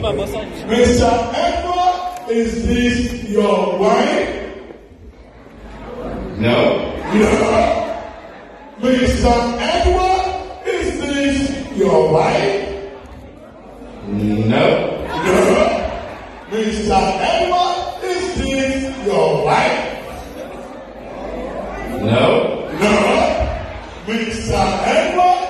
Mr. Edward, is this your wife? No. No. Mr. Edward, is this your wife? No. No. Mr. Edward, is this your wife? No. No. Mr. Edward,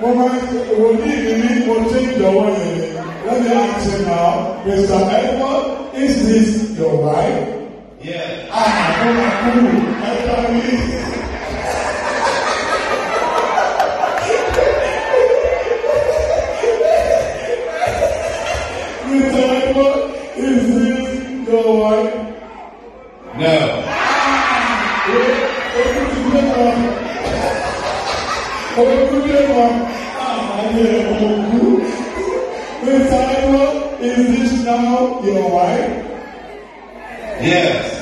mo máa wòlíì mi ní mo ti ń jọ̀wọ́ yẹn let me ask you now Mr. Edward is this your wife. Yeah. Ah, àkókò ẹ̀ka mi. Mr. Edward is this your wife. No. Ah, ah, ah. Is this now your wife? Yes.